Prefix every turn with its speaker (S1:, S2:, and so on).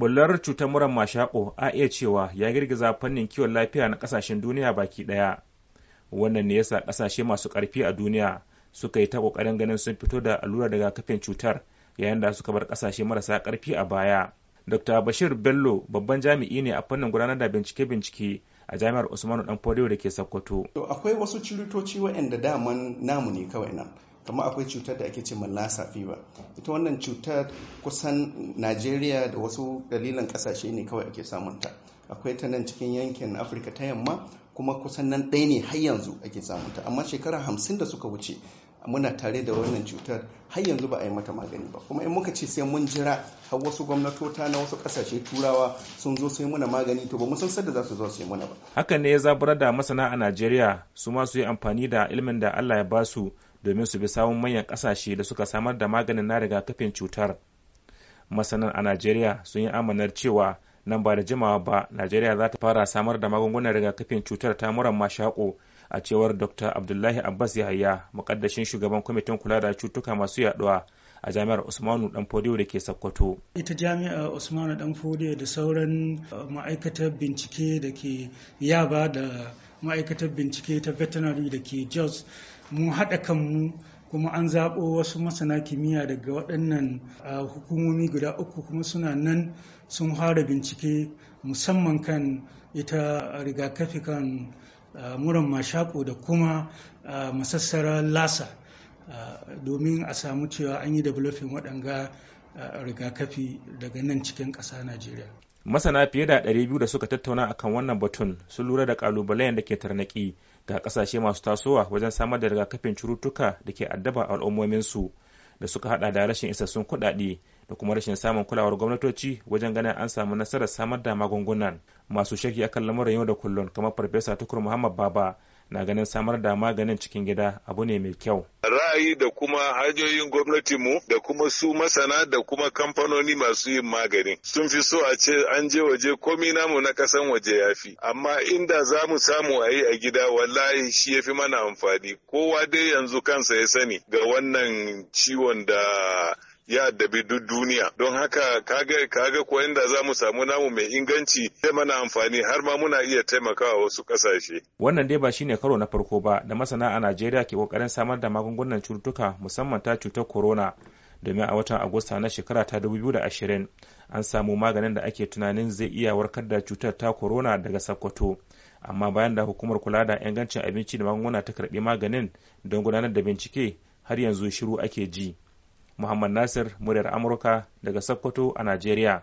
S1: bullar cutar muran mashako a iya cewa ya girgiza fannin kiwon lafiya na kasashen duniya baki daya wannan ne yasa kasashe masu karfi a duniya suka yi ta kokarin ganin sun fito da allurar kafin cutar yayin da suka bar kasashe marasa karfi a baya dr bashir bello babban jami'i ne a fannin gudanar da bincike-bincike a jami'ar usmanu dan
S2: da ke sokoto akwai wasu cirutoci waɗanda daman namu ne kawai nan amma akwai cutar da ake ce ma lassa fever ita wannan cutar kusan najeriya da wasu dalilan kasashe ne kawai ake samunta akwai ta nan cikin yankin afirka ta yamma kuma kusan nan ɗaya ne har yanzu ake samunta amma shekara hamsin da suka wuce muna tare da wannan cutar har yanzu ba a yi mata magani ba kuma in muka ce sai mun jira har wasu gwamnatota na wasu kasashe turawa sun zo sai muna magani to ba mu san sadda za su zo sai muna ba
S1: hakan ne ya zaburar da masana a najeriya su ma su yi amfani da ilimin da allah ya basu domin su bi samun manyan kasashe da suka samar da maganin na rigakafin cutar masanan a najeriya sun yi amanar cewa nan ba da jimawa ba najeriya za ta fara samar da magungunan rigakafin cutar ta muran mashako a cewar dr abdullahi abbas yahaya mukaddashin shugaban kwamitin kula da cutuka masu yaduwa a jami'ar usmanu danfodiyo da ke sokoto
S3: ita jami'ar usmanu danfodiyo da sauran uh, ma'aikatar bincike da ke yaba da ma'aikatar bincike ta veterinary da ke jos mu haɗa kanmu kuma an zaɓo wasu masana kimiyya daga waɗannan hukumomi guda uku kuma suna nan sun fara bincike musamman kan ita rigakafi kan muran mashako da kuma masassara lasa domin a samu cewa an yi developing waɗanga rigakafi daga nan cikin ƙasa najeriya
S1: masana fiye da 200 da suka tattauna akan wannan batun sun lura da ƙalubalen da ke tarnaki ga kasashe masu tasowa wajen samar da rigakafin cututtuka da ke addaba al'ummominsu da suka hada da rashin isassun kuɗaɗe da kuma rashin samun kulawar gwamnatoci wajen ganin an samu nasarar samar da magungunan masu shaki akan lamuran yau da kullum kamar farfesa tukur muhammad baba na ganin samar da maganin cikin gida abu ne mai kyau.
S4: Ra'ayi da kuma hanyoyin gwamnatinmu da kuma su masana da kuma kamfanoni masu yin magani sun fi so a ce an je waje komi namu na kasan waje ya fi. Amma inda za mu samu a yi a gida wallahi shi ya fi mana amfani. Kowa dai yanzu kansa ya sani ga wannan ciwon da ya addabi duk duniya don haka kaga kaga ko inda za mu samu namu mai inganci zai mana amfani har ma muna iya taimakawa wasu kasashe
S1: wannan dai ba shine karo na farko ba da masana a Najeriya ke kokarin samar da magungunan cututtuka musamman ta cutar corona domin a watan agusta na shekara ta 2020 an samu maganin da ake tunanin zai iya warkar da cutar ta corona daga sakkwato amma bayan da hukumar kula da ingancin abinci da magunguna ta karbi maganin don gudanar da bincike har yanzu shiru ake ji Muhammad Nasir muryar Amurka daga Sokoto a Najeriya.